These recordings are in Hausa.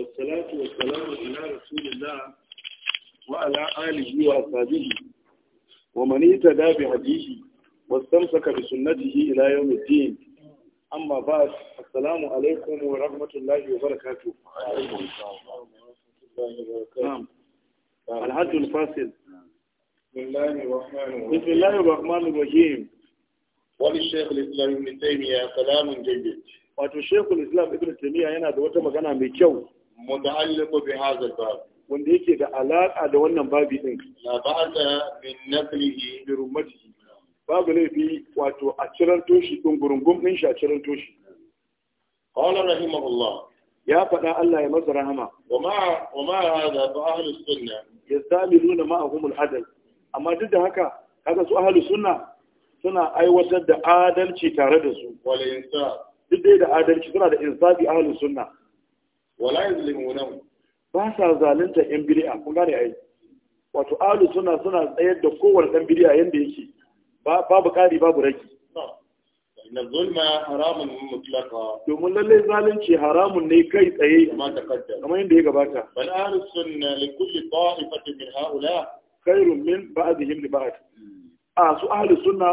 والصلاه والسلام على رسول الله وعلى اله وصحبه ومن اهتدى بهديه واستمسك بسنته الى يوم الدين اما بعد السلام عليكم ورحمه الله وبركاته وعليكم السلام الحج الفاصل بسم الله الرحمن الرحيم بسم الله وللشيخ الإسلام ابن تيميه كلام جيد wato shekul islam ibn taymiya yana da wata magana mai kyau muta'alliqu bi hadha al-bab wanda yake da alaƙa da wannan babi din la ba'da min naflihi bi rummatihi babu laifi wato a ciran toshi din gurungum din shi a ciran toshi qala rahimahullah ya faɗa Allah ya masa rahama wa ma wa ma hadha fa ahlus sunna yastamiluna ma'ahum al-adl amma duk da haka kaga su ahlus sunna suna aiwatar da adalci tare da su wal insaf duk dai da adalci suna da insafi ahlus sunna wala yuzlimunahum ba sa zalunta yan bid'a kun gane ai wato ahlu suna suna tsayar da kowane dan bid'a yanda yake babu kari babu raki inna zulma haramun mutlaqa domin lalle zalunci haramun ne kai tsaye kamar yadda ya gabata bal ahlu sunna li kulli ta'ifatin min haula khairun min ba'dihim li ba'd hmm. a su ahlu sunna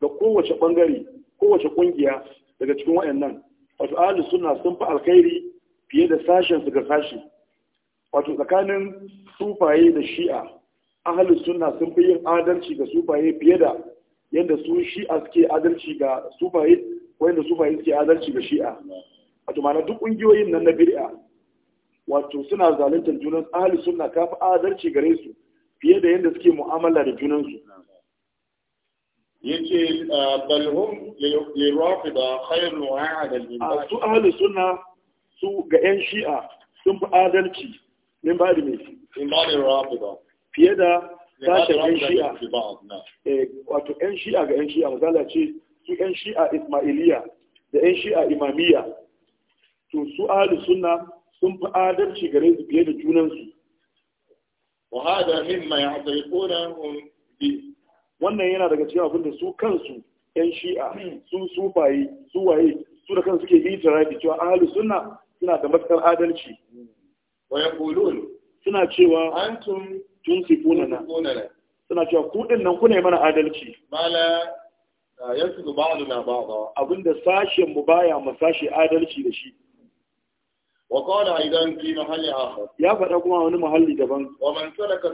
ga kowace bangare kowace kungiya daga cikin wayannan wato ahlu sunna sun fi alkhairi fiye da sashen su ga sashi wato tsakanin sufaye da shi'a ahalin sunna sun fi yin adalci ga sufaye fiye da yadda su shi'a suke adalci ga sufaye wanda sufaye suke adalci ga shi'a wato mana duk ƙungiyoyin nan na bid'a wato suna zaluntar junan ahalin sunna kafa adalci gare su fiye da yadda suke mu'amala da junansu yace ah, balhum lirafida khairu wa'ada lil su ahlus sunna su ga 'yan shi'a sun fi adalci ne ba da mai fiye da sashen 'yan shi'a eh, wato 'yan shi'a ga 'yan shi'a mazala ce su 'yan shi'a ismailiya da 'yan shi'a imamiya to su ahli sunna sun fi adalci gare su fiye da junansu وهذا مما به wannan yana daga cikin abin da su kansu yan shi'a sun sufaye su waye su da kansu suke yi tarafi cewa ahli suna da matsar adalci waya kulun suna cewa antum kunana. suna cewa ku din nan kuna mana adalci mala yansu ba'duna ba'da abinda sashen mu baya mu sashe adalci da shi wa qala idan fi mahalli akhar ya faɗa kuma wani mahalli daban wa man salaka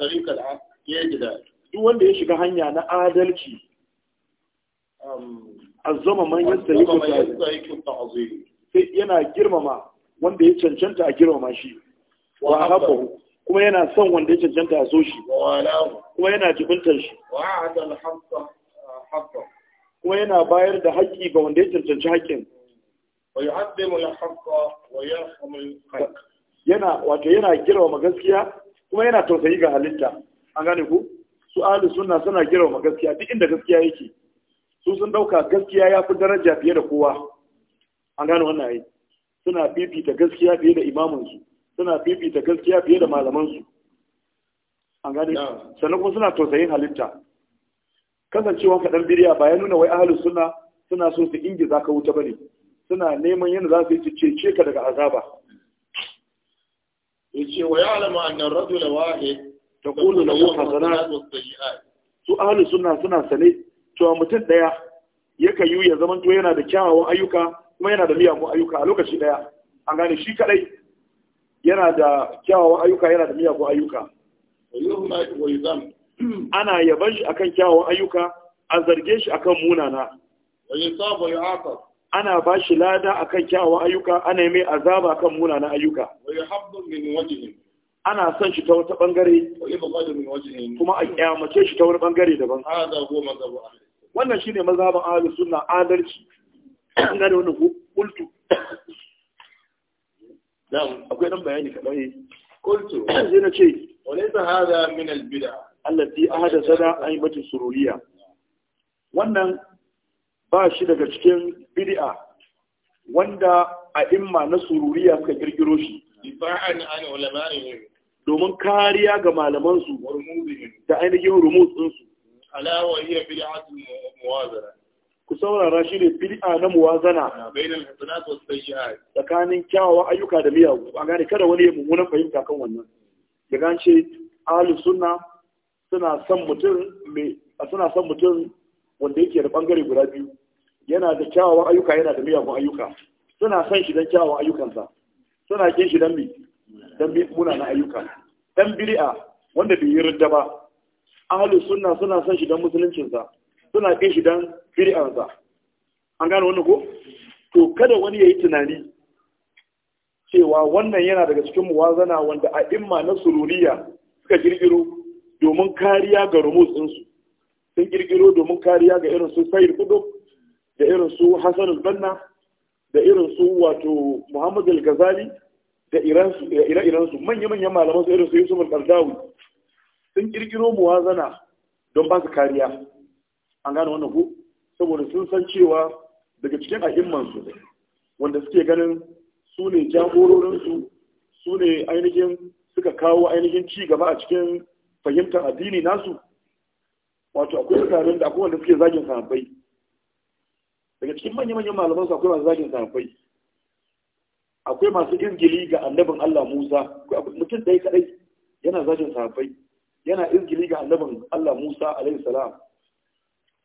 tariqa al-yajda duk wanda ya shiga hanya na adalci azzama man yastayiki ta'zim sai yana girmama wanda ya cancanta a girmama shi wa habbahu kuma yana son wanda ya cancanta a so shi kuma yana jibinta shi kuma yana bayar da haƙƙi ga wanda ya cancanci haƙƙin yana wato yana girmama gaskiya kuma yana tausayi ga halitta an gane ku su ahli sunna suna girmama gaskiya duk inda gaskiya yake su sun dauka gaskiya ya fi daraja fiye da kowa an gano wannan ayi suna fifita gaskiya fiye da imamansu suna fifita gaskiya fiye da malamansu an gane sannan kuma suna tausayin halitta kasancewa kaɗan biriya ba ya nuna wai ahalus suna suna so su za ka wuta bane suna neman yadda za su yi cece ka daga azaba yace wa ya'lamu anna ar-rajula wahid taqulu lahu hasanatu sayyi'at su ahlus sunna suna sane to mutum daya yaka yu ya zaman to yana da kyawawan ayyuka kuma yana da miyagun ayyuka a lokaci daya an gane shi kadai yana da kyawawan ayyuka yana da miyagun ayyuka ana yaban shi akan kyawawan ayyuka a zarge shi akan munana ana ba shi lada akan kyawawan ayyuka ana yi mai azaba akan munana ayyuka ana son shi ta wata bangare kuma a kyamace shi ta wani bangare daban wannan shine mazhaban ahlus suna adalci an gane wannan ko kultu na akwai ɗan bayani kaɗan yi eh. kultu sai na ce walaisa hada min albida a yi aibatu sururiya wannan ba shi daga cikin bidi'a. wanda a imma na sururiya suka kirkiro shi difa'an an ulama'ihim domin kariya ga malaman su da ainihin rumuz din su ala wa hiya bid'atu muwazara ku saurara shi ne bid'a na muwazana tsakanin kyawawan ayyuka da miyagu a gane kada wani ya mummunan fahimta kan wannan da gance ahlu sunna suna son mutum wanda yake da bangare guda biyu yana da kyawawan ayyuka yana da miyawun ayyuka suna son shi don kyawawan ayyukansa suna kin shi don mi don munana ayyuka dan bid'a wanda bai yi ridda ba ahlu sunna suna son shi don musuluncinsa suna bin shi don bid'ansa an gano wannan ko to kada wani ya yi tunani cewa wannan yana daga cikin muwazana wanda a imma na sururiya suka girgiro domin kariya ga rumus ɗinsu sun girgiro domin kariya ga irin su sayid kudu da irin su hassan banna da irin su wato muhammad al gazali da ire su manya-manyan malaman su irin su yusuf al-qardawi sun kirkiro muwazana don ba su kariya an gane wannan ku saboda sun san cewa daga cikin a'immansu wanda suke ganin su ne jagororinsu su ne ainihin suka kawo ainihin ci gaba a cikin fahimtar addini nasu wato akwai mutanen da akwai wanda suke zagin sahabbai daga cikin manya-manyan malaman su akwai masu zagin sahabbai akwai masu izgili ga annabin Allah Musa mutum ɗaya kadai yana zagin sahabbai yana izgili ga annabin Allah Musa alaihi salam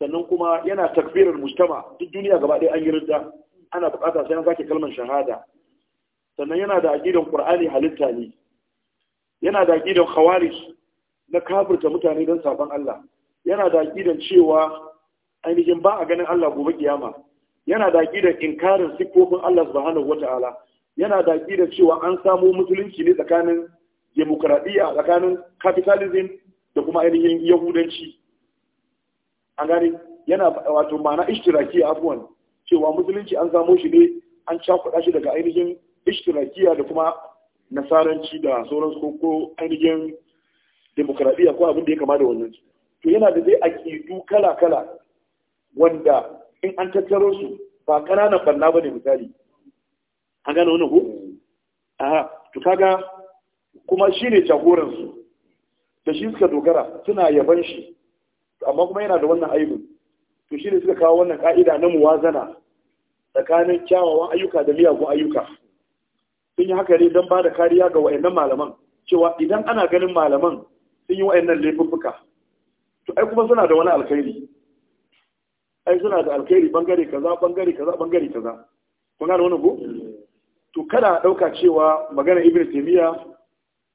sannan kuma yana takbirar mujtama duk duniya gaba ɗaya an yi ridda ana bukata sai an sake kalmar shahada sannan yana da aqidan qur'ani halitta ne yana da aqidan khawarij na kafirta mutane don saban Allah yana da aqidan cewa ainihin ba a ganin Allah gobe kiyama yana da aqidan inkarin siffofin Allah subhanahu wata'ala yana da aqidan cewa an samu musulunci ne tsakanin demokradiya tsakanin capitalism da kuma ainihin yahudanci an gane yana wato ma'ana ishtiraki abuwan cewa musulunci an samo shi ne an cakuɗa shi daga ainihin ishtirakiya da kuma nasaranci da sauransu ko ko ainihin demokradiyya ko abin da ya kama da wannan to yana da dai aƙidu kala-kala wanda in an tattaro su ba ƙananan banna ba ne misali an gane wani ko aha to kaga kuma shi ne jagoransu da shi suka dogara suna yaban shi amma kuma yana da wannan aibin to shi ne suka kawo wannan ka'ida na muwazana tsakanin kyawawan ayyuka da miyagun ayyuka sun yi haka ne don ba da kariya ga wa'annan malaman cewa idan ana ganin malaman sun yi wa'annan laifuffuka to ai kuma suna da wani alkhairi ai suna da alkhairi bangare kaza bangare kaza bangare kaza kun ga wani ko to kada a dauka cewa magana ibnu taymiya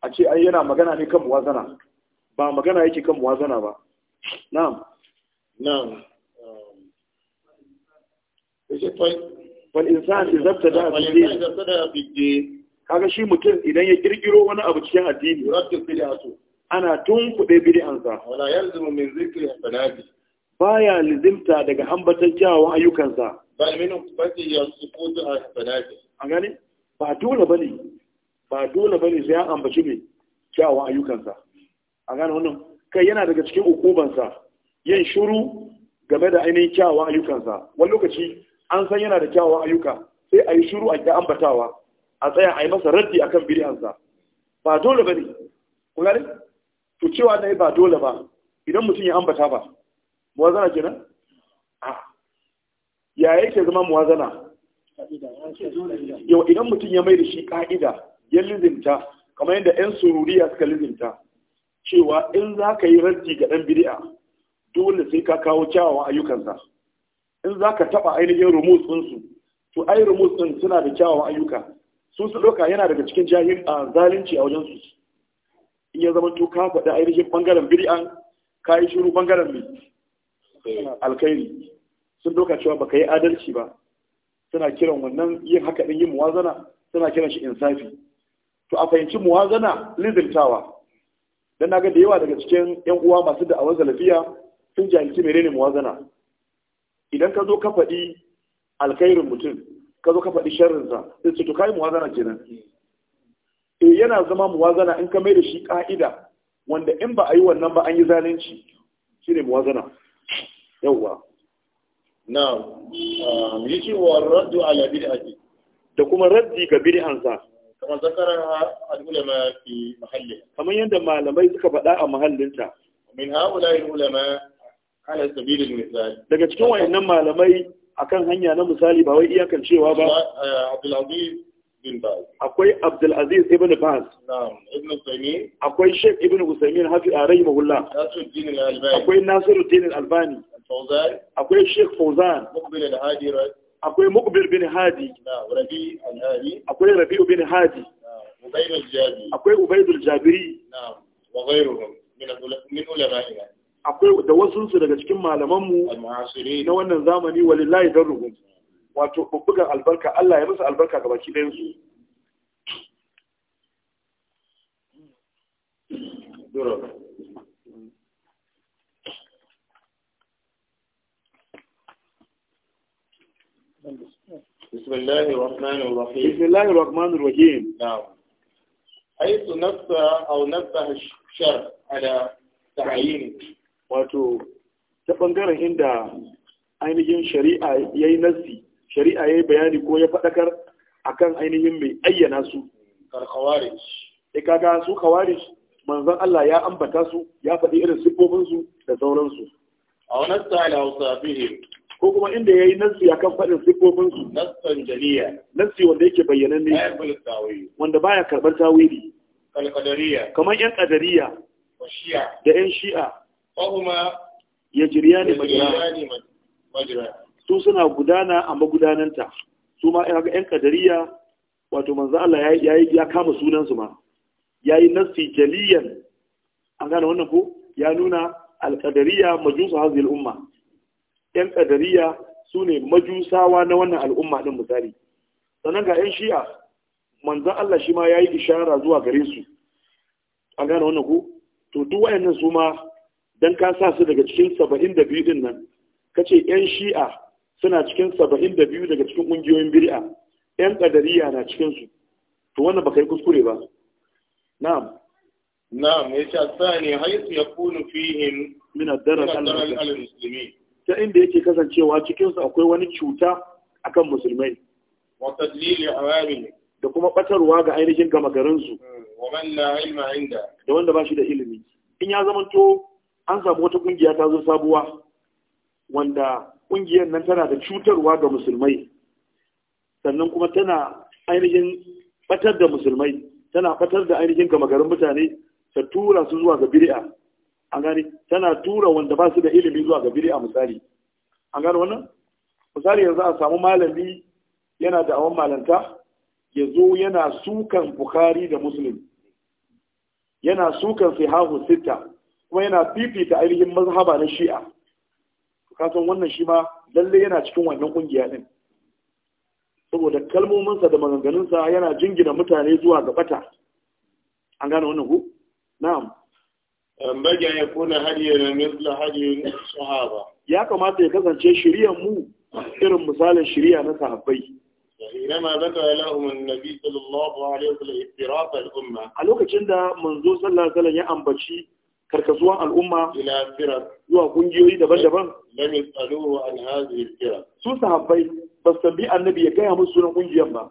a ce ai yana magana ne kan muwazana ba magana yake kan muwazana ba na'am na'am yace um, wal insan idza tada kaga shi mutum idan ya kirkiro wani abu cikin addini yuraddu bid'atu ana tunkuɗe bid'ansa wala yalzimu min zikri baya lizimta daga ambatan kyawawan ayyukansa ba minun fasi ya sukutu a hanabi an ba dole bane ba dole sai an ambaci mai ayyukansa kai yana daga cikin hukumansa yin shiru game da ainihin kyawawan ayyukansa wani lokaci an san yana da kyawawan ayyuka sai a yi shiru a ga ambatawa a tsaya a yi masa raddi kan biriyansa. ba dole ba ne ku ne? to cewa na yi ba dole ba idan mutum ya ambata ba muwazana kenan a ya yake zama muwazana yau idan mutum ya mai da shi ka'ida ya lizinta kamar yadda 'yan sururiya suka lizinta cewa in za ka yi raddi ga ɗan biri'a, dole sai ka kawo kyawawan ayyukansa in za ka taɓa ainihin rumus ɗinsu to ai rumus ɗin suna da kyawawan ayyuka su su ɗauka yana daga cikin jahil a zalunci a wajen in ya zama to ka faɗi ainihin ɓangaren bid'an ka yi shiru ɓangaren mai alkhairi sun ɗauka cewa baka yi adalci ba suna kiran wannan yin haka ɗin yin muwazana suna kiran shi insafi to a fahimci muwazana lizintawa dan naga da yawa daga cikin yan uwa masu da'awar salafiya sun jahilci menene muwazana idan ka zo ka faɗi alkhairin mutum ka zo ka faɗi sharrinsa sai ce to kai muwazana kenan eh yana zama muwazana in ka mai da shi ka'ida wanda in ba a yi wannan ba an yi zalunci shine muwazana yawwa na'am ah, ce wa raddu ala bid'ati da kuma raddi ga bid'ansa fi kamar yadda malamai suka faɗa a mahallinta min haula'il ulama ala sabilil misali. daga cikin wayannan malamai akan hanya na misali ba wai iyakan cewa ba Abdul Aziz bin Baz akwai Abdulaziz Aziz ibn Baz na'am ibn Usaymin akwai Sheikh ibn na hafi a rai rahimahullah Nasiruddin al-Albani akwai Nasiruddin al-Albani Fawzan akwai Sheikh Fawzan Muqbil al-Hadi akwai mukbir bin hadi akwai rabi'u bin hadi akwai ubaidul jabiri akwai da wasu su daga cikin malamanmu na wannan zamani walillahi don ruhum wato bubbugan albarka Allah ya musu albarka ga baki ɗayan su بسم الله الرحمن الرحيم بسم الله الرحمن الرحيم نعم حيث نبه او نبه الشر على تعيين wato ta ɓangaren inda ainihin shari'a ya yi nassi shari'a ya yi bayani ko ya faɗakar akan ainihin mai ayyana su karkawarij e kaga su kawarij manzon Allah ya ambata su ya faɗi irin siffofinsu da sauransu a wani ko kuma inda ya nassi akan a kan faɗin nassan jaliya nassi wanda yake ne wanda baya ya karɓar tawiri, kamar yan qadariya da yan shi'a ya fahuma ne majira, su suna gudana a magudananta su ma yan qadariya wato manzo Allah yi ya kama sunan su ma yayi nassi jaliyan an gane wannan ko ya nuna alqadariya majusu hadhihi umma yan kadariya su ne majusawa na wannan al'umma din misali sannan ga yan shi'a manzan Allah shi ma ya yi ishara zuwa gare su a gane wannan ku to duk wayannan su ma dan ka sa su daga cikin saba'in da biyu din nan ka ce yan shi'a suna cikin saba'in da biyu daga cikin ƙungiyoyin biri'a, yan kadariya na cikin su, to wannan ba kai kuskure ba na'am Sani يتأثاني ya يكون فيهم من darar على المسلمين ta inda yake kasancewa cikinsu akwai wani cuta kan musulmai da kuma batarwa ga ainihin gama garinsu hmm, da wanda ba shi da ilimi in ya zamanto an samu wata ƙungiya ta zo sabuwa wanda ƙungiyar nan tana da cutarwa ga musulmai sannan kuma tana ainihin batar da musulmai tana ɓatar da ainihin gama garin mutane ta tura su zuwa ga biri'a an gane tana tura wanda ba su da ilimi zuwa ga a misali an gane wannan misali yanzu a samu malami yana da awon malanta ya zo yana sukan bukhari da muslim yana sukan sihahu sita kuma yana fifita ainihin mazhaba na shi'a kasan wannan shi ma lalle yana cikin wannan kungiya din saboda kalmominsa da maganganunsa yana jingina mutane zuwa ga bata an gane wannan ku na'am baga ya kuna hadiya na misla hadiya sahaba ya kamata ya kasance shiriyar mu irin misalin shiriya na sahabbai inama zaka lahum annabi sallallahu alaihi wasallam iftirat al-umma a lokacin da manzo sallallahu alaihi wasallam ya ambaci karkasuwan al'umma ila firat zuwa kungiyoyi daban-daban lam yasaluhu an hadhihi al-firat su sahabbai ba su tambayi annabi ya gaya musu sunan kungiyar ba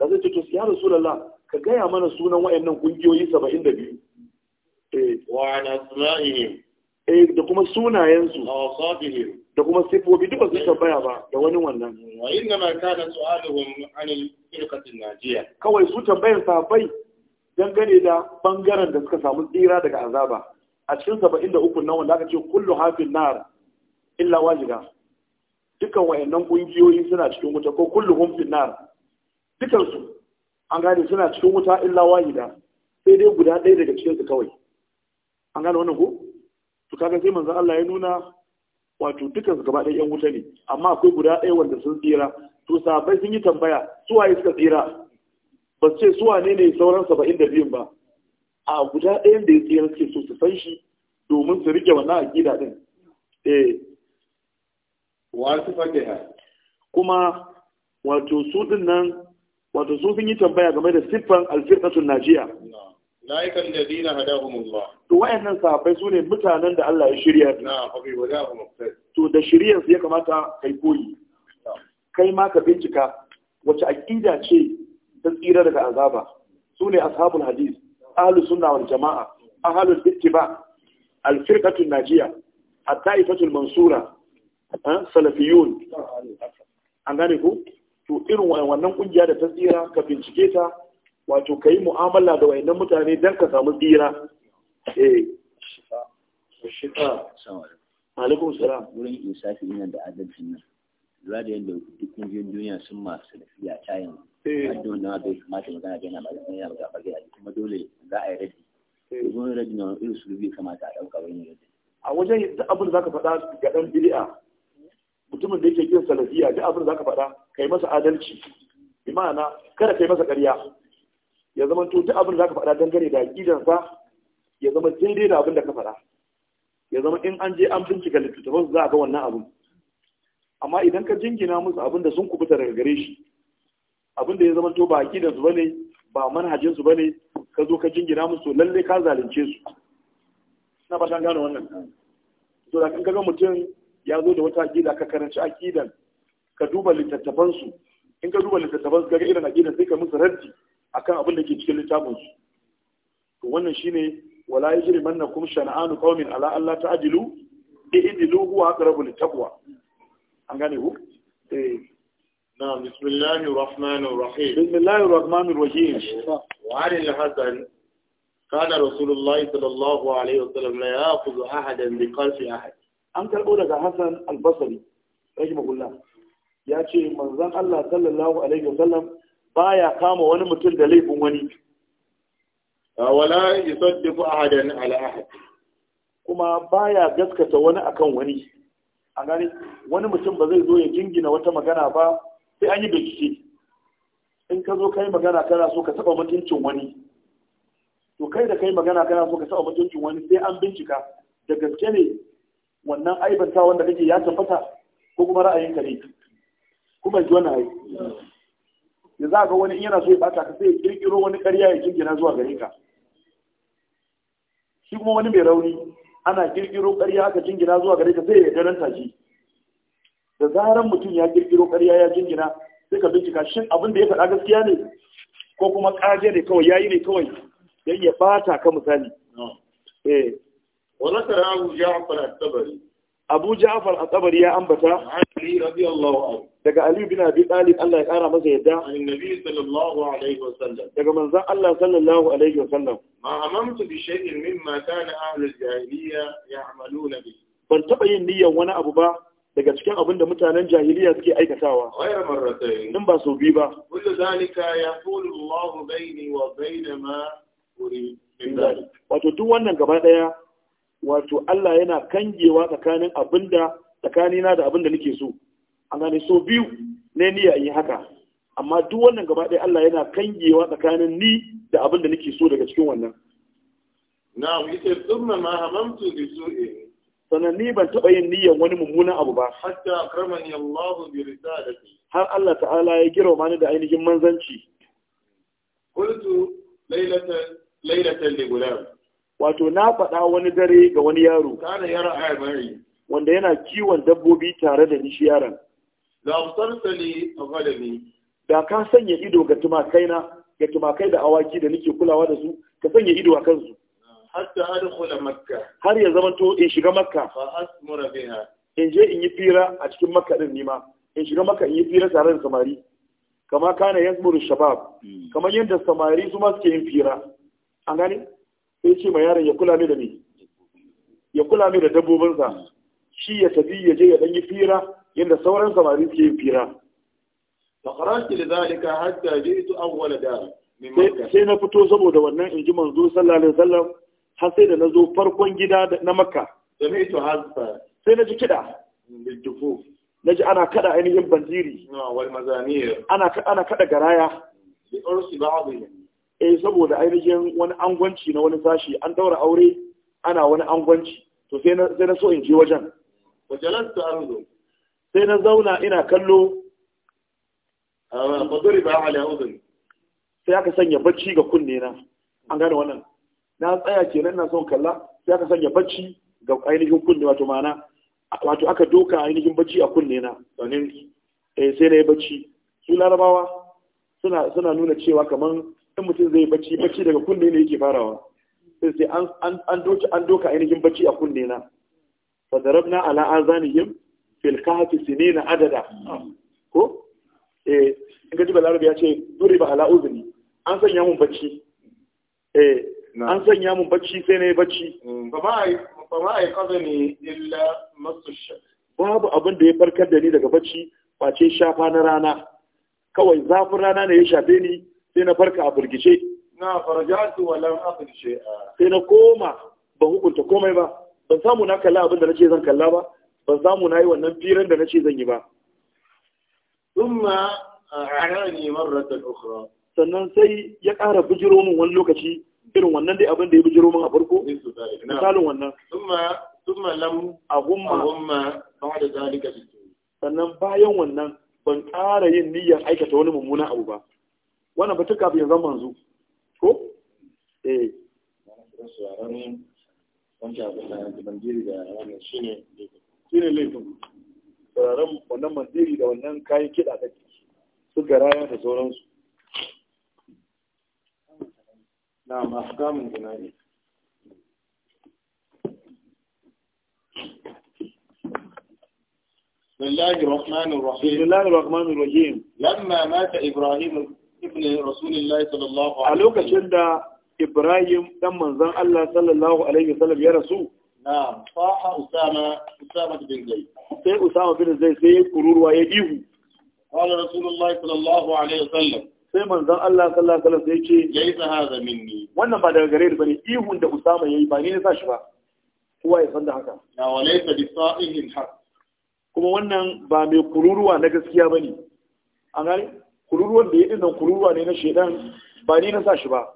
da zai ce to ya rasulullah ka gaya mana sunan wayannan kungiyoyi 72 Eh. wa an asma'ihim eh da kuma sunayensu wa da kuma sifofi duka sun tambaya ba da wani wannan wa inna ma kana su'aluhum an al-firqati najiya kawai su tambayar sahabbai dangane da bangaren da suka samu tsira daga azaba a cikin 73 nan wanda aka ce kullu hafin nar illa wajiga dukan wayannan kungiyoyi suna cikin wuta ko kulluhum fin nar dukansu an gane suna cikin wuta illa wahida sai dai guda ɗaya daga cikinsu kawai an gane wannan ko to kaga sai manzo Allah ya nuna wato dukkan gaba ɗaya yan wuta ne amma akwai guda ɗaya wanda sun tsira to sabai sun yi tambaya su waye suka tsira ba su ce su wane ne sauran 72 da biyun ba a guda ɗayan da ya tsira suke so su san shi domin su rike wannan aƙida din. eh wasu fatiha kuma wato su din nan wato su sun yi tambaya game da siffan alfirqatul najiya laikan da zina hadahumullah to wayannan safai sune mutanen da Allah ya shirya na fa bi wadahum to da shiryan su ya kamata kai koyi kai ma ka bincika wace aqida ce ta tsira daga azaba sune ashabul hadis ahlu sunna wal jamaa ahlul ittiba al firqatu najiya at taifatu al mansura salafiyun an gane ku to irin wannan kungiya da ta tsira ka bincike ta wato ka yi mu'amala da wayannan mutane don ka samu tsira eh shifa alaikum salam wurin insafi ina da adalcin nan lura da yadda duk kungiyoyin duniya sun masu tafiya ta yanzu eh. hadda wannan abu ya kamata magana da yana ba zan yana ga fage a kuma dole za a yi raddi eh. domin raddi na irin su rubi kamata a ɗauka wani raddi a wajen duk abin da zaka faɗa ga ɗan bid'a mutumin da yake kin salafiya duk abin da zaka faɗa kai masa adalci bi ma'ana kada kai masa ƙarya ya zama to duk abin da ka faɗa dangane da aqidan sa ya zama daidai da abin da ka faɗa ya zama in an je an bincika littattafan za a ga wannan abin amma idan ka jingina musu abin da sun kubuta daga gare shi abin da ya zama to ba aqidan su bane ba manhajin su bane ka zo ka jingina musu lalle ka zalunce su na ba gano wannan to da ga mutum ya zo da wata aqida ka karanci aqidan ka duba littattafan su in ka duba littattafan su ga irin aqidan sai ka musu raddi akan abin da ke cikin littafin su to wannan shine wala yajri mannakum shana'anu qaumin ala alla ta'dilu i'dilu huwa aqrabu littaqwa an gane ku eh na bismillahir rahmanir rahim bismillahir rahmanir rahim wa alil hasan كان رسول الله صلى الله عليه وسلم لا يأخذ أحدا بقلب أحد an karɓo daga Hassan al-Basri rahimahullah ya ce manzon Allah sallallahu alaihi wasallam baya kama wani mutum da laifin wani wala yusaddiqu ahadan ala ahad kuma baya gaskata wani akan wani a gani wani mutum ba zai zo ya jingina wata magana ba sai an yi bincike in ka zo kai magana kana so ka taba mutuncin wani to kai da kai magana kana so ka taba mutuncin wani sai an bincika da gaske ne wannan aibanta wanda kake ya tabbata ko kuma ra'ayinka ne kuma ji wani ai da za ga wani yana so ya bata ka sai ya kirkiro wani ƙarya ya jingina zuwa gare ka shi kuma wani mai rauni ana kirkiro ƙarya aka jingina zuwa gare ka sai ya garanta shi da zaran mutum ya kirkiro ƙarya ya jingina sai ka bincika shin abin da ya faɗa gaskiya ne ko kuma ƙaje ne kawai yayi ne kawai dan ya bata ka misali eh wala tarahu Abu Ja'far at-Tabari abu ja'far a tsabar ya ambata daga Aliyu bin abi talib Allah ya kara masa yadda annabi sallallahu alaihi wasallam daga manzan Allah sallallahu alaihi wasallam ma amamtu bi shay'in mimma kana ahli al-jahiliya ya'maluna bi ban taba yin niyyar wani abu ba daga cikin abin da mutanen jahiliya suke aikatawa ghayra marratayn in ba so bi ba kullu zalika yaqulu Allah bayni wa bayna ma uridu min wato duk wannan gaba daya wato Allah yana kangewa tsakanin abinda tsakanina da abinda nake so an gane so biyu ne niyya yi haka amma duk wannan gaba ɗaya Allah yana kangewa tsakanin ni da abinda nake so daga cikin wannan na'am yace thumma ma hamamtu bi su'in sanan ni ban taba yin niyyan wani mummunan abu ba hatta akramani Allah bi risalati har Allah ta'ala ya girma ni da ainihin manzanci qultu laylatan laylatan li gulam wato na faɗa wani dare ga wani yaro kana yara wanda yana kiwon dabbobi tare da nishi yaron da ka sanya ido ga tumakai na ga tumakai da awaki da nake kulawa da su ka sanya ido a kansu har ya zamanto in shiga makka in je in yi fira a cikin makka din nima in shiga makka in yi fira tare da samari kama kana yasmuru shabab hmm. kamar yadda samari su ma suke yin fira an gane sai ce ma yaron ya kula mai da ne ya kula mai da dabbobinsa shi ya tafi ya je ya ɗan yi fira yadda sauran samari suke yin fira fa kharajtu lidhalika hatta ji'tu awwal da. sai na fito saboda wannan inji manzo sallallahu alaihi wasallam har sai da na zo farkon gida na makka sai na ji kida na ji ana kada ainihin banjiri ah, ana kaɗa kada garaya eh saboda ainihin wani angwanci na wani sashi an daura aure ana wani angwanci to sai na sai na so in je wajen wajalan ta arzu sai na zauna ina kallo bazuri ah, ba ala udun sai aka sanya bacci ga kunne na an gane wannan na tsaya kenan na son kalla sai aka sanya bacci ga ainihin kunne wato ma'ana wato aka doka ainihin bacci a kunne na sanin eh sai na yi bacci su larabawa suna suna nuna cewa kaman in mutum zai bacci bacci daga kunne ne yake farawa sai sai an doki an doka ainihin bacci a kunne na fa darabna ala azanihim fil kahfi sinina adada ko eh in ga balarabi ya ce ba ala uzni an sanya mun bacci eh an sanya mun bacci sai na yi bacci mm, ba ba ai ai ne illa masu babu abin da ya farkar da ni daga bacci face shafa na rana kawai zafin rana ne ya shafe ni sai na farka a burgishe na farjatu wa aqil shay'a sai na koma ban hukunta komai ba ban samu na kalla abin da nace zan kalla ba ban samu na yi wannan firan da nace zan yi ba thumma arani marratan ukhra sannan sai ya ƙara bujiro min wani lokaci irin wannan dai abin da ya bujiro min a farko misalin wannan thumma thumma lam aghumma aghumma ba'da zalika sannan bayan wannan ban ƙara yin niyyar aikata wani mummuna abu ba wannan batun kafin ya zama manzo ko eh shi ne laifin sauraron wannan mandiri da wannan kayan kiɗa da su garaya da sauransu na masu kamun gina ne بسم الله الرحمن الرحيم بسم الله الرحمن الرحيم لما مات إبراهيم a lokacin da Ibrahim ɗan manzan Allah sallallahu alaihi wasallam ya rasu na fa'a Usama Usama bin zai. sai Usama bin zai sai kururuwa ya ihu qala Rasulullah sallallahu alaihi wasallam sai manzan Allah sallallahu alaihi wasallam sai ce yayi sahaza minni wannan ba daga gare ni bane ihun da Usama yi ba ni ne sa shi ba kowa ya san da haka na ta bi sa'ihin har. kuma wannan ba mai kururuwa na gaskiya bane an gane kururuwan da ya dinnan kururuwa ne na shedan ba ni na sa shi ba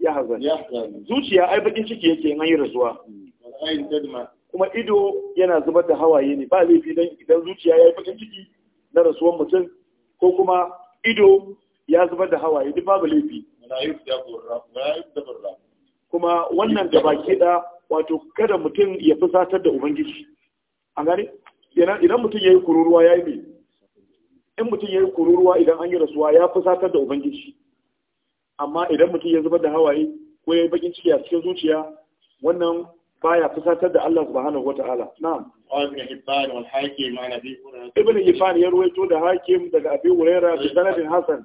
ya hazan zuciya ai bakin ciki yake yin hanyar rasuwa kuma ido yana zubar da hawaye ne ba laifi dan idan zuciya ya yi bakin ciki na rasuwan mutum ko kuma ido ya zubar da hawaye duk babu laifi kuma wannan da baki da wato kada mutum ya fusatar da ubangiji an gane idan mutum ya yi kururuwa ya yi mai in mutum ya yi kururuwa idan an yi rasuwa ya fusatar da ubangiji amma idan mutum ya zubar da hawaye ko ya yi bakin ciki a cikin zuciya wannan baya fusatar da Allah subhanahu wata'ala na'am ibn hibban wal hakim an abi ibn hibban ya ruwaito da hakim daga abi hurairah bi sanadin hasan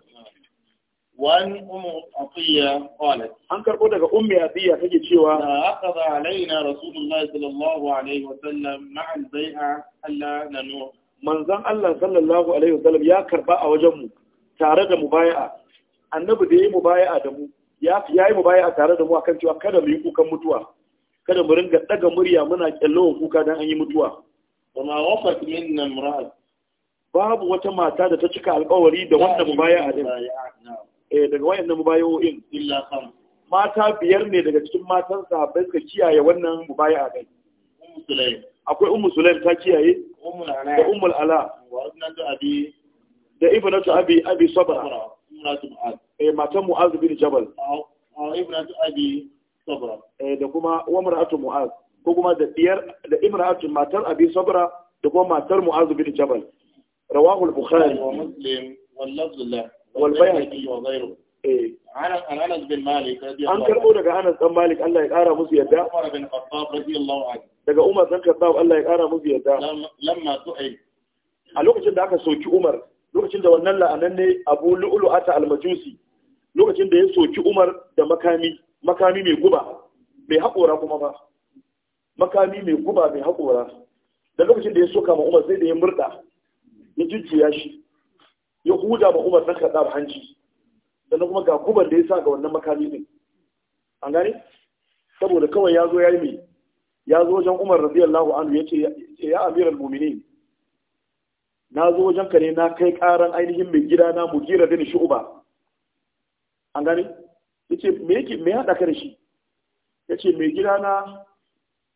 وعن أم عطية قالت عن كربو دغ أم عطية تجي cewa أخذ علينا رسول الله صلى الله عليه وسلم مع البيعة ألا ننوح manzan Allah sallallahu alaihi wasallam ya karba a wajenmu tare da mubaya'a annabi da yi mubaya'a da mu ya yi mubaya'a tare da mu akan cewa kada mu yi kukan mutuwa kada mu ringa daga murya muna kyallon kuka don an yi mutuwa wa ma wafat nan imra'at babu wata mata da ta cika alƙawari da wannan mubaya'a din eh daga wayannan mubaya'o'in illa kam mata biyar ne daga cikin matan sahabbai suka kiyaye wannan mubaya'a din akwai ummu sulaim ta kiyaye da ummul ala da ibnatu abi abi sabra eh matan mu'az bin jabal eh, da kuma Umar mar'atu mu'az ko kuma da diyar da imra'atu matar abi sabra da kuma matar mu'az bin jabal rawahu bukhari wa muslim wal eh. lafz an karɓo daga anas dan malik allah ya ƙara musu yadda daga Umar dan Khattab Allah ya kara musu yarda lamma su'ay a lokacin da aka soki Umar lokacin da wannan la'anan ne Abu Lu'lu'ata ata almajusi, lokacin da ya soki Umar da makami makami mai guba mai haƙora kuma ba makami mai guba mai haƙora da lokacin da ya soka ma Umar sai da ya murda ya jujjuya shi ya huda ma Umar dan Khattab hanci sannan kuma ga guban da ya sa ga wannan makami din an gane saboda kawai ya zo ya yi mai ya zo wajen Umar radiyallahu anhu anu ya amiral mu'minin na zo wajen ka ne na kai karan ainihin mai gida na mugira nishi uba an gani Ya ce yake me hada ka da shi ce mai gida na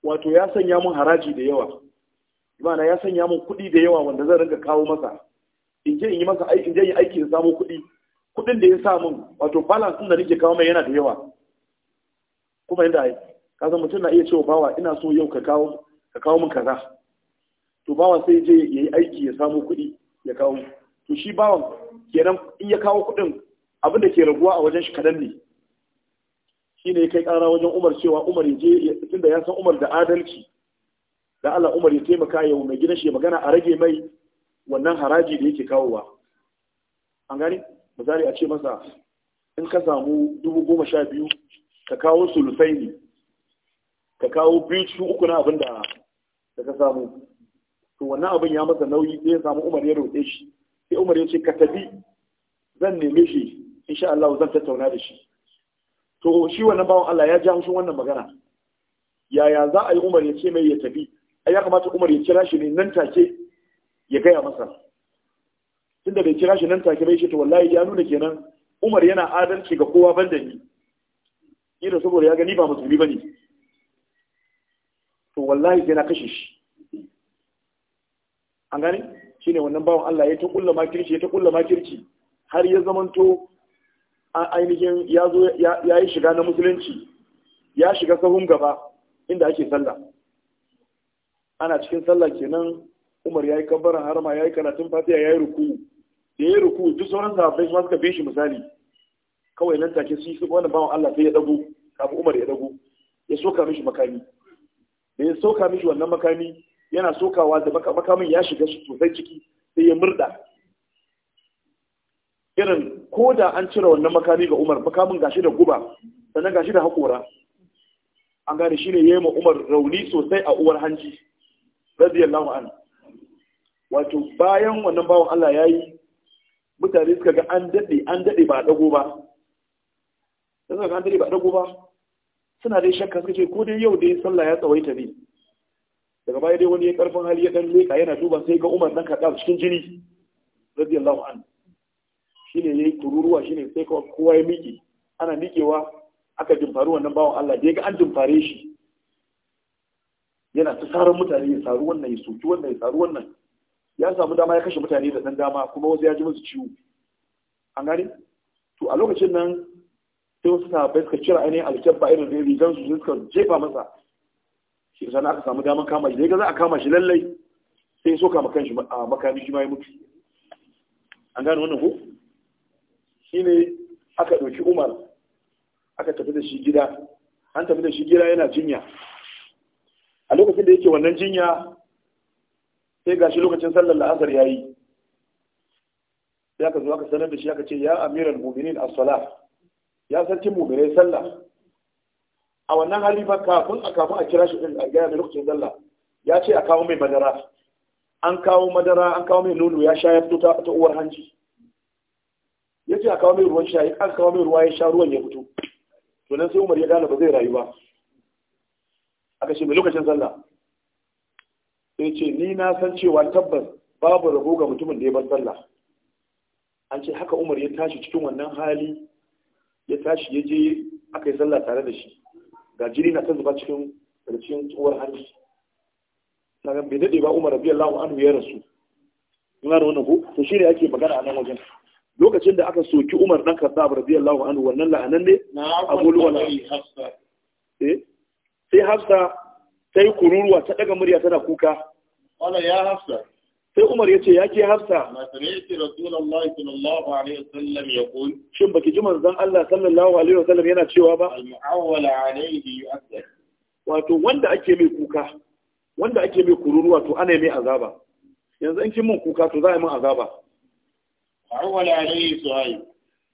wato ya sanya mun haraji da yawa imana ya sanya mun kuɗi da yawa wanda zan rinka kawo masa in je in yi masa aiki in je in yi aiki da samu kuɗi kuɗin da ya sa mun wato balance din da nake kawo mai yana da yawa kuma inda ai kaza mutum na iya cewa bawa ina so yau ka kawo min kaza to bawa sai je yayi aiki ya samu kuɗi ya kawo to shi bawan kenan in ya kawo kuɗin abin da ke raguwa a wajen shi kadan ne shine ya kai ƙara wajen Umar cewa Umar ya je tunda ya san Umar da adalci da Allah Umar ya taimaka ya mai gidan shi magana a rage mai wannan haraji da yake kawowa an gani misali a ce masa in ka samu dubu goma sha biyu ka kawo sulusai ne ka kawo biyu uku na abin da ka samu to wannan abin ya masa nauyi sai ya samu Umar ya roƙe shi sai Umar ya ce ka tafi zan neme shi insha Allah zan tattauna da shi to shi wannan bawan Allah ya ji haushin wannan magana yaya za a yi Umar ya ce mai ya tafi ai ya kamata Umar ya kira shi ne nan take ya gaya masa tunda bai kira shi nan take bai ce to wallahi ya nuna kenan Umar yana adalci ga kowa banda ni ina saboda ya gani ba musulmi bane to wallahi sai na kashe shi an Shi shine wannan bawon Allah ya ta kulla makirci ya ta kulla makirci har ya zamanto ainihin ya zo ya yi shiga na musulunci ya shiga sahun gaba inda ake sallah ana cikin sallah kenan Umar ya yi kabbaran harma ya yi karatun Fatiya ya yi ruku da ya yi ruku duk sauran sahabbai su suka shi misali kawai nan take su yi wannan bawon Allah sai ya dago kafin Umar ya dago ya soka mishi makami da ya soka mishi wannan makami yana sokawa da makamin ya shiga sosai ciki sai ya murda irin ko da an cire wannan makami ga umar makamin gashi da guba sannan gashi da haƙora an gane shi ne ya yi ma umar rauni sosai a uwar hanji radiyallahu an wato bayan wannan bawan allah ya yi mutane suka ga an daɗe an daɗe ba dago ba suka ga an daɗe ba dago ba suna dai shakka suka ce ko dai yau dai sallah ya tsawaita ne daga baya dai wani ya karfin hali ya dan leka yana duba sai ga Umar dan kaɗa cikin jini radiyallahu an shine yayi tururuwa shine sai ka kowa ya miƙe ana miƙewa aka jimfari wannan bawan Allah da ya ga an jimfare shi yana ta sarar mutane ya saru wannan ya soki wannan ya saru wannan ya samu dama ya kashe mutane da dan dama kuma wasu ya ji musu ciwo an gane to a lokacin nan sai wasu sahabbai suka cire ainihin alkyabba irin da zan su suka jefa masa shi sana aka samu damar kama shi ga za a kama shi lallai sai so kama kan shi a makami shi ma ya mutu an gane wannan ko ne aka ɗauki umar aka tafi da shi gida an tafi da shi gida yana jinya a lokacin da yake wannan jinya sai gashi lokacin sallar la'asar ya yi sai aka zo aka sanar da shi aka ce ya amiran muminin as-salah ya sarki mumirai sallah a wannan hali ba kafin a kafin a kira shi din a gaya da lokacin sallah ya ce a kawo mai madara an kawo madara an kawo mai nono ya sha ya fito ta uwar hanji ya ce a kawo mai ruwan shayi an kawo mai ruwa ya sha ruwan ya fito to nan sai umar ya gane ba zai rayu ba A kashe mai lokacin sallah sai ce ni na san cewa tabbas babu rabo ga mutumin da ya bar sallah an ce haka umar ya tashi cikin wannan hali ya tashi ya je aka yi sallah tare da shi ga jini na ta zuba cikin cikin tsohuwar hannu. na bai daɗe ba umar rabi allahu anhu ya rasu ina da wannan ko to shi ne ake magana a nan wajen lokacin da aka soki umar dan kasab rabi allahu anhu wannan la'anan ne abu luwala eh? sai hafsa ta yi kururuwa ta ɗaga murya tana kuka wala ya hafsa sai Umar ya ce ya ke Hafsa shin baki ji manzan Allah sallallahu alaihi wasallam yana cewa ba wato wanda ake mai kuka wanda ake mai kururuwa to ana mai azaba yanzu in kin mun kuka to za a yi mun azaba mu'awwala alaihi suhaib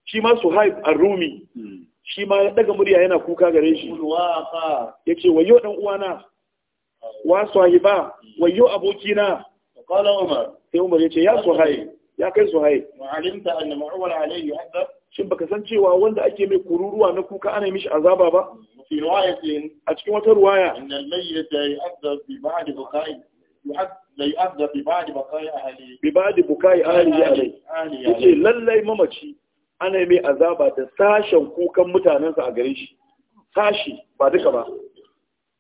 shi ma suhaib a rumi hmm. shi ma ya daga murya yana kuka gare shi ce, wayo dan uwana wa haifa? wayo abokina qala sai umar yace ya suhai ya kai suhai wa shin baka san cewa wanda ake mai kururuwa na kuka ana mishi azaba ba fi a cikin wata ruwaya inna al bukai yu'adab bi ba'd bukai ahli bi bukai yace lallai mamaci ana mai azaba da sashen kukan mutanensa a gare shi sashi ba duka ba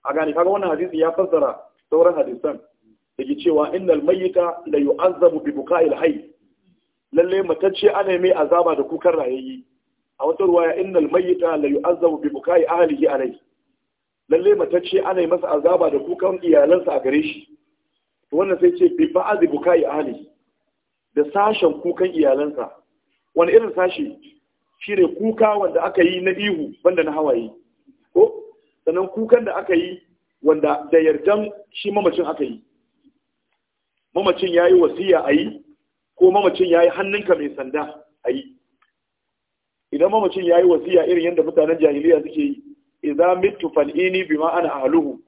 a gane kaga wannan hadisi ya fassara sauran hadisan yake cewa innal mayyita la yu'azzabu bi buka'il hayy lalle matacce ana mai azaba da kukan rayayi a wata ruwaya innal mayyita la yu'azzabu bi buka'i ahlihi alayhi lalle matacce ana masa azaba da kukan iyalansa a gare shi to wannan sai ce bi ba'azi buka'i ahlihi da sashen kukan iyalansa wani irin sashi shine kuka wanda aka yi na ihu banda na hawaye ko sannan kukan da aka yi wanda da yardan shi mamacin aka yi mamacin ya yi wasiya a yi ko mamacin ya yi hannunka mai sanda a yi idan mamacin ya yi wasiya irin yadda mutanen jahiliya suke yi idza mitu fal'ini bima ana ahluhu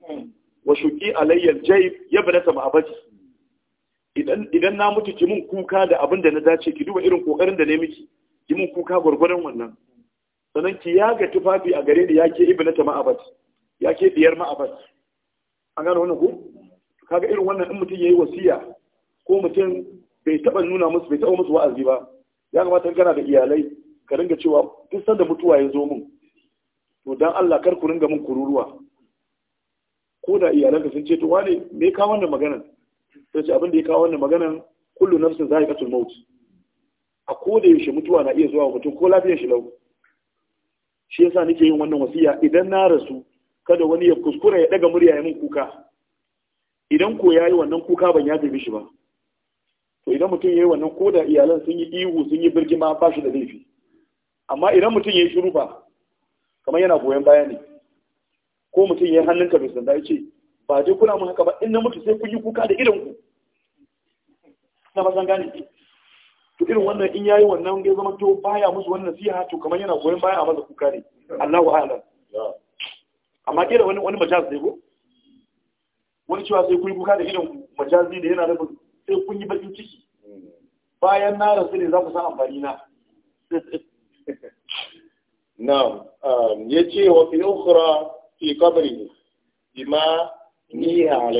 wa shuqi alayya al-jayb yabnata ma'abati idan idan na mutu ki mun kuka da abin da na dace ki duba irin kokarin da ne miki ki mun kuka gurgurdan wannan sannan ki yaga tufafi a gare ni yake ibnata ma'abati yake diyar ma'abati an gano wannan ko kaga irin wannan in mutum yayi wasiya ko mutum bai taba nuna musu bai taba musu wa'azi ba ya kamata kana da iyalai ka ringa cewa duk sanda mutuwa ya zo min to dan Allah kar ku ringa min kururuwa ko da iyalanka sun ce to wane me ka wannan magana sai ce abin da ya kawo wannan magana kullu nafsin za'iqatul maut a ko da yaushe mutuwa na iya zuwa mutum ko lafiyar shi lau shi yasa nake yin wannan wasiya idan na rasu kada wani ya kuskura ya daga murya ya min kuka idan ko ya yi wannan kuka ban ya tafi shi ba to idan mutum ya yi wannan ko da iyalan sun yi ihu sun yi birgima ba shi da laifi amma idan mutum ya yi shiru ba kamar yana goyon baya ne ko mutum ya yi hannunka ka sanda ya ce ba je kuna mun haka ba in na mutu sai kun yi kuka da irin ku na ba san gane to irin wannan in ya yi wannan ya zama to baya musu wannan siya to kamar yana goyon baya a masa kuka ne Allahu a'lam amma kira wani wani majalis ne ko wani cewa sai kun kuka da irin majazi da yana rabin sai kun yi bakin ciki bayan na rasu ne za ku san amfani na na um, ya ce wa fi ukhra fi qabri ma ni a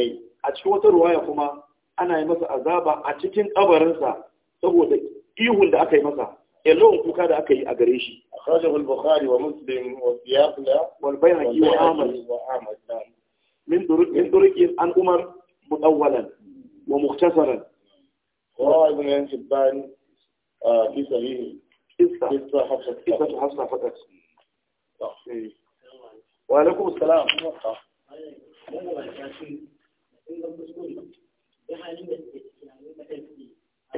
cikin wata ruwaya kuma ana yi masa azaba a cikin kabarinsa saboda ihun da aka yi masa yallon kuka da aka yi a gare shi A al-bukhari wa muslim wa siyaqla wa Bayan yi wa ahmad min turukin an umar mutawwalan wa muktasaran rawa ibn yan hibban fi sahihi qissa hafsa qissa hafsa fakat wa alaikum assalam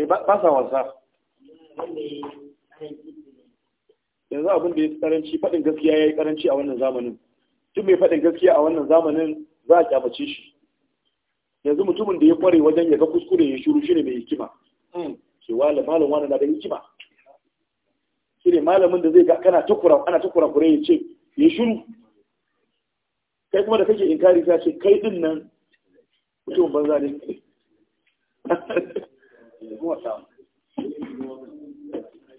ba sa wasa yanzu abin da ya karanci faɗin gaskiya ya yi karanci a wannan zamanin tun mai faɗin gaskiya a wannan zamanin za a kyamace shi yanzu mutumin da ya kware wajen ya ga kuskure ya shiru shi ne mai hikima ke wale malam wani na da hikima shi ne malamin da zai ga kana tukura ana tukura kure ya ce ya shiru kai kuma da kake inkari ta ce kai din nan mutumin banza ne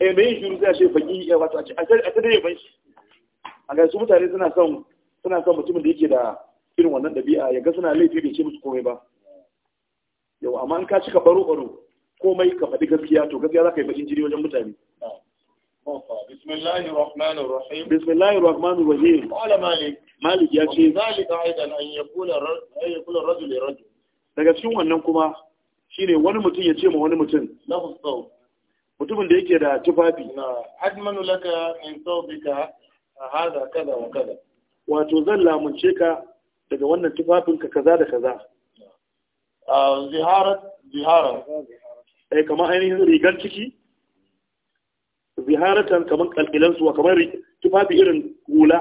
eh mai shiru sai ce baki eh, wato a ce a tare ban shi a ga su mutane suna son suna son mutumin da yake da irin wannan ɗabi'a ya ga suna laifi bai ce musu komai ba yau amma in ka cika baro baro komai ka faɗi gaskiya to gaskiya za ka yi bakin jiri wajen mutane بسم الله rahim الرحيم بسم الله الرحمن الرحيم قال مالك مالك يا شيخ ذلك ايضا ان يقول ان daga cikin wannan kuma shine wani mutum ya ce ma wani mutum mutumin da yake da tufafi na admanu laka min sawbika hada kada wa kada wato zalla mun ce ka daga wannan tufafinka kaza da kaza ziharar ah, ziharar eh kamar ainihin rigar ciki ziharatan kamar kalkilan suwa kamar tufafi irin hula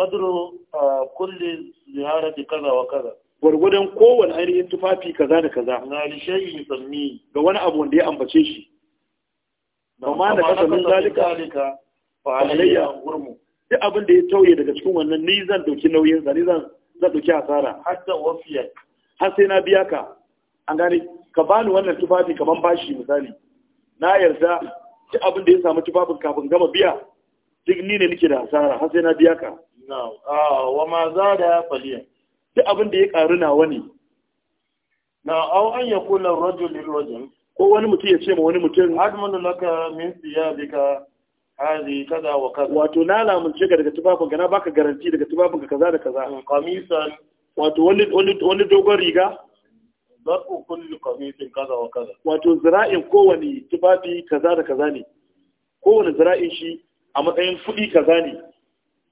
ah, kulle ziharar da kaza wa kaza gwargwadon kowane ainihin tufafi kaza da kaza na lishayi musammi ga wani abu wanda ya ambace shi amma da kasa min zalika fa alayya gurmu duk abin da ya tauye daga cikin wannan ni zan dauki nauyin zani zan zai ɗauki asara hatta wafiyar har sai na biya ka an gani. ka bani wannan tufafi kaman bashi misali na yarda duk abin da ya samu tufafin kafin gama biya duk ni ne nake da asara har sai na biya ka ah, wa ma za da faliya duk abin da ya karu na wani. na au an ya kula rajul rajul ko wani mutum ya ce ma wani mutum admanu laka min siyabika hazi kaza wa kaza wato na lamunce ga daga tufafin ka na baka garanti daga tufafin ka kaza da kaza eh, qamisan wato wani wani dogon riga ku kulli qamisin kaza wa kaza wato zira'in kowani tufafi kaza da kaza ne kowani zira'in shi a matsayin fudi kaza ne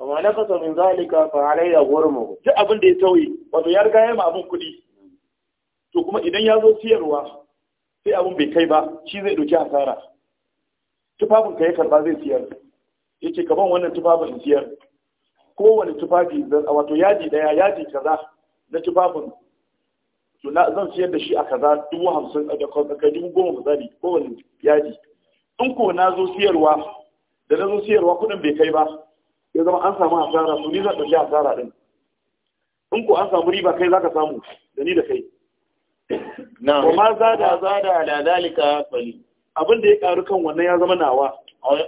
amma na fasa min zalika fa alayya gurmu duk abin da ya tauye wato ya riga ya ma abin kuɗi to kuma idan ya zo siyarwa sai abin bai kai ba shi zai ɗauki asara tufafin ka ya karba zai siyar ya ce kaban wannan tufafin siyar kowane tufafi wato yaji daya yaji kaza na tufafin to na zan siyar da shi a kaza dubu hamsin a kai dubu goma zari kowane yaji in ko na zo siyarwa da na zo siyarwa kudin bai kai ba ya zama an samu hasara su ni zan ɗauki hasara ɗin in ko an samu riba kai zaka samu da ni da kai na ma zada zada da zalika fali abin da ya karu kan wannan ya zama nawa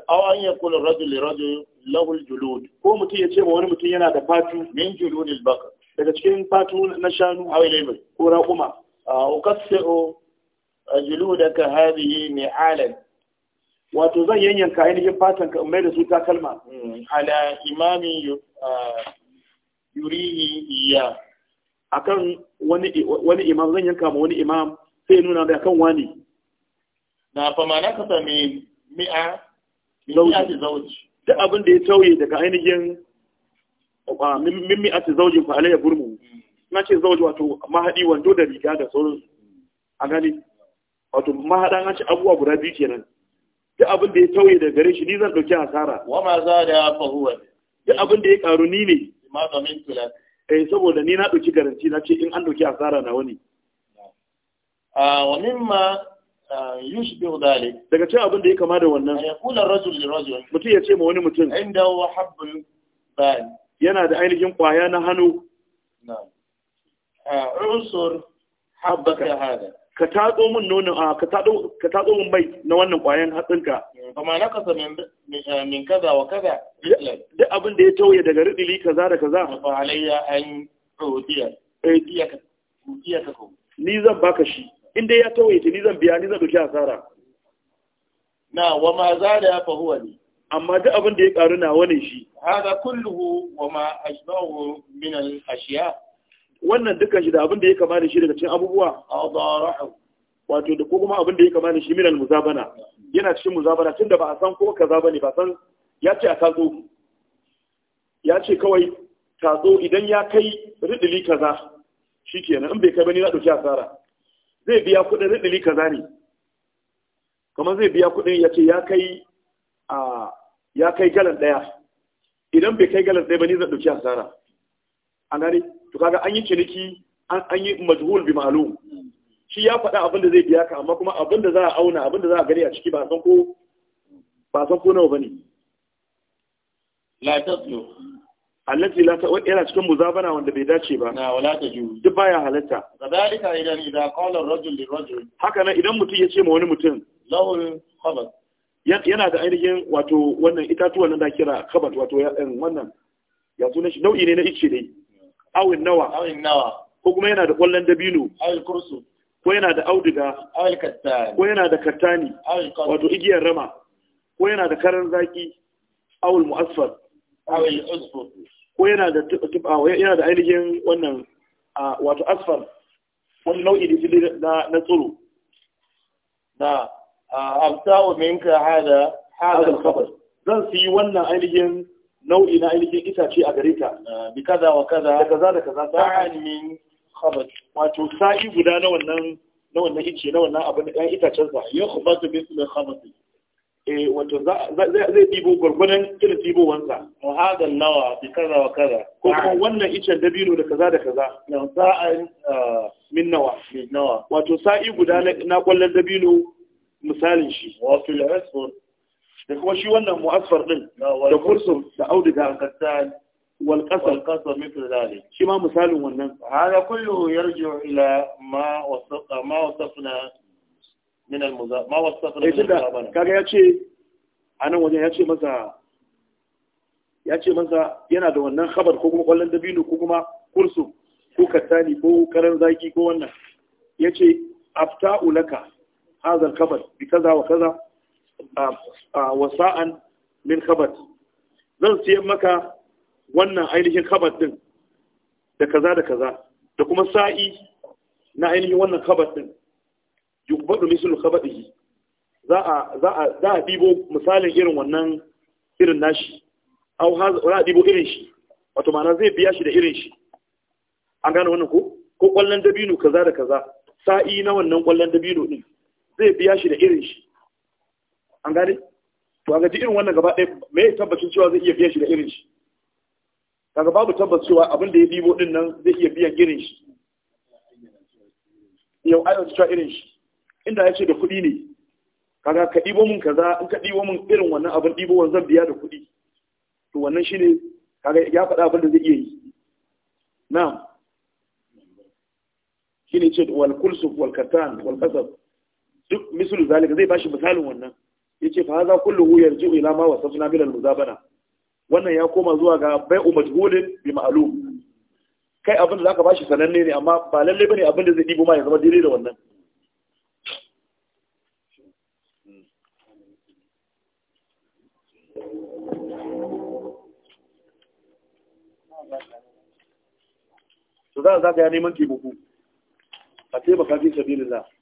aw ya kula rajul rajul lahu julud ko mutum ya ce ma wani mutum yana da fatu min juludil baqar daga cikin fatu na shanu wani laifin, ko raƙuma? raquma uqassi'u juludaka hadhihi mi'alan wato zan yanyanka ainihin fatan ka mai da su takalma hmm, ala imamin yurihi iya akan wani wani imam zan yanka ma wani imam sai nuna da kan wani na fa ma na kasa mai mi'a mi'ati zauji duk abin da ya tauye daga ainihin min ce zauji ku alayya burmu hmm. na ce zauji wato mahadi wando da riga da sauran a gani wato mahadan na ce abubuwa guda biyu kenan duk abin da ya tauye daga gare shi ni zan ɗauki hasara wa ma za da ya fahuwa duk abin da ya karu ni ne ma kula eh saboda ni na ɗauki garanti na ce in an ɗauki hasara na wani a wani ma. yushbihu dhalik daga cikin abin da ya kama da wannan ya kula rajul li rajul mutum ya ce ma wani mutum inda huwa habbul bal yana da ainihin kwaya na hannu na'am ah, unsur habbaka hada ka tatso min nono a ah, ka tatso ka tatso min bai na wannan kwayan hatsinka kuma na kasa ah, min kaza wa kaza duk abin da ya tauye daga ridili kaza da kaza fa alayya an udiya udiya eh, ka udiya ka ni zan baka shi in dai ya tawaye ni zan biya ni zan doki asara na wa ma za da ya fahuwa ne amma duk abin da ya karu na wani shi hada kulluhu wa ma ashbahu min al ashiya wannan duka shi da abin da ya kama shi daga cikin abubuwa adarahu wato da ko kuma abin da ya kama da shi min al muzabana yana cikin muzabana tunda ba a san ko kaza bane ba san ya ce a tazo ya ce kawai tazo idan ya kai ridili kaza shikenan in bai kai bane na dauki asara zai biya kuɗin riɗili kaza ne kamar zai biya kuɗin ya ce ya kai a galan ɗaya idan bai kai galan ɗaya ba ni zan ɗauki asara a gani to kaga an yi ciniki an yi majhul bi ma'lum shi ya faɗa abin da zai biya ka amma kuma abin da za a auna abin da za a gani a ciki ba san ko ba san ko nawa bane la taslu allati la yana cikin muzabana wanda bai dace ba na wala ta ju duk baya halatta kadalika idan idan qala ar-rajul li rajul haka nan idan mutum ya ce ma wani mutum lahul khabat yana da ainihin wato wannan itatuwa nan da kira khabat wato eh, wannan ya sunan shi nau'i ne na ice dai awin nawa awin nawa ko kuma yana da kullan dabino awil kursu ko yana da auduga awil kattani ko yana da kattani wato igiyar rama ko yana da karan zaki awul mu'asfar ko yana da yana da ainihin wannan wato asfar wani nau'i da fili na tsoro na abta'u minka hada hada al-khabar zan siyi wannan ainihin nau'i na ainihin itace a gare ta bi kaza wa kaza da kaza da kaza sa'an min kabar. wato sa'i guda na wannan na wannan ice na wannan abin da itacen sa Yau ba yakhbatu bi ismi khabati eh wato zai ɗibo gwargwadon irin ɗibo mu hadan nawa bi kaza wa kaza ko kuma wannan icen dabino da kaza da kaza nan sa'an uh, min nawa min nawa wato sa'i guda na ƙwallon dabino misalin shi wato al-asfar da kuma shi wannan mu'asfar ɗin, da kursum da auduga an kasan wal qasam qasam mithl zalik shi ma misalin wannan hada kullu yarji'u ila ma wasaqa ma wasafna min al-muzab ma wasafa min al kaga yace wajen yana da wannan khabar ko kuma kwallon dabino ko kuma kursu ko kattani ko karan zaki ko wannan yace afta'u laka hadha al-khabar bi kaza wa kaza min zan siyan maka wannan ainihin khabar din da kaza da kaza da kuma sa'i na ainihin wannan kabar din yuqbadu mislu khabadihi za a za a za a dibo misalin irin wannan irin nashi au za a dibo irin shi wato ma'ana zai biya shi da irin shi an gane wannan ko ko kwallon dabino kaza da kaza sa'i na wannan kwallon dabino din zai biya shi da irin shi an gane to ga irin wannan gaba ɗaya me ya tabbacin cewa zai iya biya shi da irin shi kaga babu tabbas cewa abin da ya dibo din nan zai iya biyan irin shi yau ayyuka cewa irin shi inda ya ce da kuɗi ne kaga ka ɗibo mun kaza in ka ɗibo mun irin wannan abin ɗibo wanzan biya da kuɗi to wannan shine kaga ya faɗa abin da zai iya yi na'am shine ce wal kulsu wal katan wal kasab duk misalu zalika zai bashi misalin wannan yace fa hadha kulluhu yarji'u ila ma wasafna bil muzabana wannan ya koma zuwa ga bai'u majhulin bi ma'lum kai abin da zaka bashi sananne ne amma ba lalle bane abin da zai ɗibo ma ya zama daidai da wannan to za a zagaya neman taimako a taimaka fi sabilillah